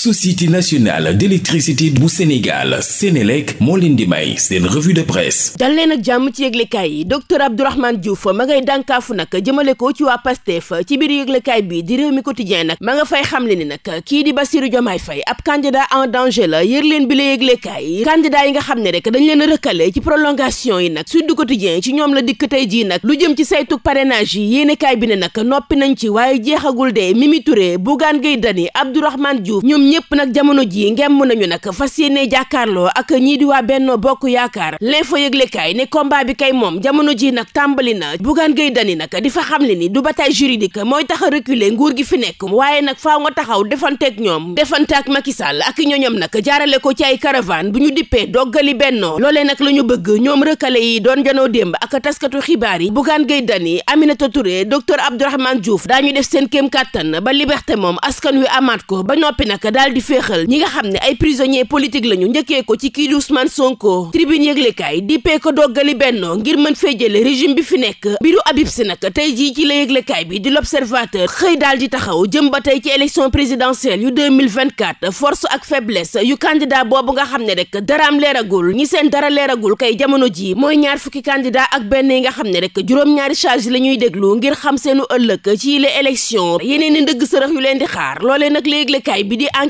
société nationale d'électricité bu Sénégal Sénélec moo leen di may seen revue de presse dal leen ak jàmm ci yëglekaay yi docteur Abdourahmane Diouf ma ngay dànkaafu nag jëmale ko ci waa Pastef ci biir yëglekaay bi di réew mi quotidien nag ma nga fay xamle ni nag kii di Bassirou Diomaye Faye ab candidat en danger la yër bi la yëglekaay candidat yi nga xam ne rek dañ leen rëkkale ci prolongation yi nag Sud Quotidien ci ñoom la dikk tey jii nag lu jëm ci saytu parrainage yi yéenekaay bi ne nag noppi nañ ci waaye jeexagul de Mimi Touré Bougane Gueye ñépp nag jamono ji ngemm nañu nag fas yéene jàkkaarloo ak ñii di waa Benno Bokk Yaakaar l'info yëglekaay ne combat bi kay moom jamono ji nag tàmbali na Bougane Gueye Dany nag di fa xam le ni du bataille juridique mooy tax a reculer nguur gi fi nekk waaye nag faaw nga taxaw defanteeg ñoom defante ak Macky Sall ak ñoñom nag jaarale ko ci ay caravane bu ñu dippee doggali Benno loolee nag la ñu bëgg ñoom rëkkale yi doon janoo démb ak taskatu xibaar yi Bougane Gueye Dany Aminata Touré docteur Abdourahmane Diouf daañu def seen kéem kàttan ba liberté moom askan wi amaat ko ba noppi nag daal di féexal ñi nga xam ne ay prisonniers politique lañu njëkkee ko ci kii di Ousmane Sonko tribune yëglekaay di p ko doggali bennoo ngir mën fee jële régime bi fi nekk biiru Habib Sy nag tey jii ci la yëglekaay bi di l'observateur xëy daal di taxaw jëm ba tey ci élection présidentielle yu 2024 force ak faiblesse yu candidat boobu nga xam ne rek daraam leeragul ñi seen dara leeragul kay jamono ji mooy ñaar fukki candidat ak benn yi nga xam ne rek juróom-ñaari charge la ñuy déglu ngir xam seenu ëllëg ci les élections yeneen i ndëgg sërëx yu leen di xaar loolee nag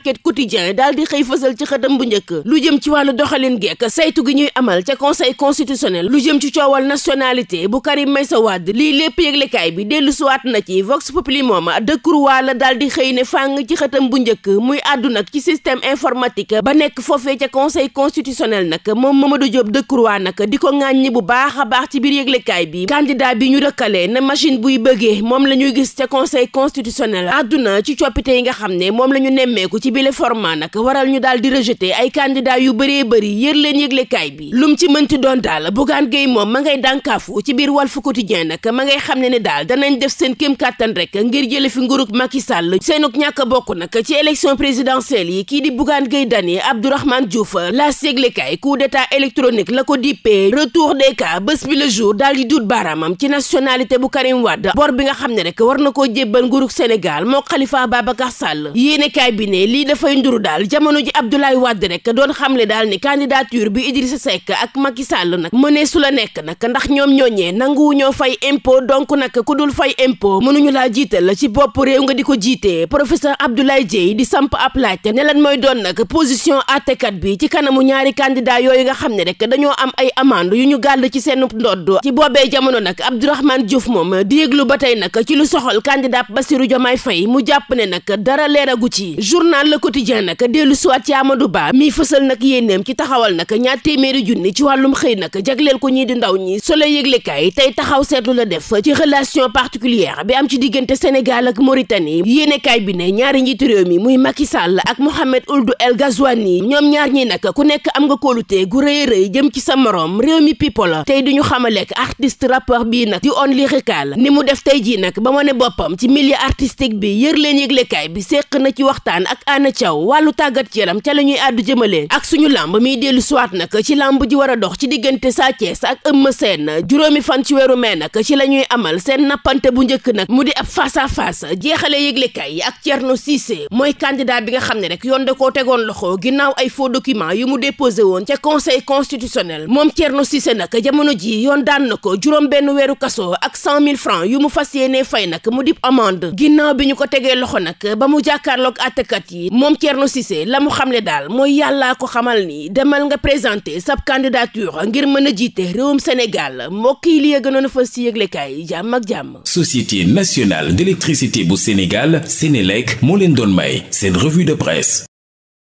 enquête quotidien daal di xëy fësal ci xëtam bu njëkk lu jëm ci wàllu doxalin gekk saytu gi ñuy amal ca conseil constitutionnel lu jëm ci coowal nationalité bu may sa Wade lii lépp yëglekaay bi dellu suwaat na ci Vox Populi moom dëkkurwaa la daal di xëy ne fàng ci xëtam bu njëkk muy àddu ci système informatique ba nekk foofee ca conseil constitutionnel nag moom Mamadou Diop dëkkurwaa nag di ko ŋàññi bu baax a baax ci biir yëglekaay bi candidat bi ñu dëkkalee na machine buy bëggee moom la ñuy gis ca conseil constitutionnel àdduna ci coppite yi nga xam ne moom la ñu nemmeeku ci ci bile format nag waral ñu daal di ay candidat yu bëree bëri yër yëglekaay bi lum ci mënti doon daal Bougane Gueye moom ma ngay dànkaafu ci biir Walf Quotidien nag ma ngay xam ne ne daal danañ def seen kéem kàttan rek ngir jële fi ngurug Macky Sall seenuk ñàkk a bokk nag ci élection présidentielle yi kii di Bougane Gueye Dany Abdourahmane Diouf la séglekaay coup d'état électronique la ko dippee retour des cas bés bi le jour daal di duut baaraamam ci nationalité bu Karim Wade bi nga xam ne rek war na koo jébbal ngurug Sénégal moo Khalifa Babacar Sall yéenekaay bi ne lii dafay nduru daal jamono ji Abdoulaye Wade rek doon xamle daal ni candidature bi Idrissa Seck ak Macky Sall nag mënee su la nekk nag ndax ñoom ñooñee nanguwu ñoo fay impôt donc nag ku dul fay impôt mënuñu laa jiital ci bopp réew nga di ko jiitee professeur Abdoulaye Dièye di samp ab laajte ne lan mooy doon nag position àttekat bi ci kanamu ñaari candidat yooyu nga xam ne rek dañoo am ay amande yu ñu gàll ci seen ndodd ci boobee jamono nag Abdourahmane Diouf moom di yëglu ba tey nag ci lu soxal candidat Bassirou Diomaye Faye mu jàpp ne nag dara leeragu ci journal le quotidien nag dellu siwaat ci Amadou Ba mi fësal nag yéeneem ci taxawal nag ñaar téeméeri junni ci wàllum xëy nag jagleel ko ñii di ndaw ñi solo yëglekaay tey taxaw seetlu la def ci relation particulière bi am ci diggante Sénégal ak Mauritanie yéenekaay bi ne ñaari njiitu réew mi muy Macky Sall ak Mohamed Ould El Ghazouani ñoom ñaar ñi nag ku nekk am nga kóolute gu rëy rëy jëm ci sa morom réew mi people tey duñu xamalek artiste rappeur bii nag di on lyrical ni mu def tey jii nag ba mu ne boppam ci milieu artistique bi yër leen yëglekaay bi séq na ci waxtaan ak Diana Thiaw wàllu tàggat yaram ca la ñuy àddu jëmale ak suñu làmb miy dellu siwaat nag ci lamb ji war a dox ci diggante Sa Thiès ak Eumeu Sène juróomi fan ci weeru mee nag ci la ñuy amal seen nappante bu njëkk nag mu di ab face à jeexale yëglekaay yi ak Thierno Cissé mooy candidat bi nga xam ne rek yoon da koo tegoon loxo ginnaaw ay faux documents yu mu déposé woon ca conseil constitutionnel moom Thierno Cissé nag jamono ji yoon daan na ko juróom benn weeru kaso ak cent mille francs yu mu fas yéenee fay nag mu di amende ginnaaw bi ñu ko tegee loxo nag ba mu jàkkaarloog àttekat yi yi moom Thierno Cissé la mu xamle daal mooy yàllaa ko xamal ni demal nga présenter sab candidature ngir mën a jiite réewum Sénégal mbokk yi li a gënoon a fës ci yëglekaay jàmm ak jàmm. Société nationale d'électricité bu Sénégal Sénélec moo leen doon may seen revue de presse.